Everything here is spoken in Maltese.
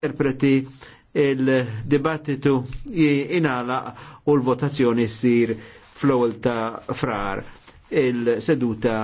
interpreti il-dibattitu inala u l-votazzjoni sir fl-ewwel ta' frar il-seduta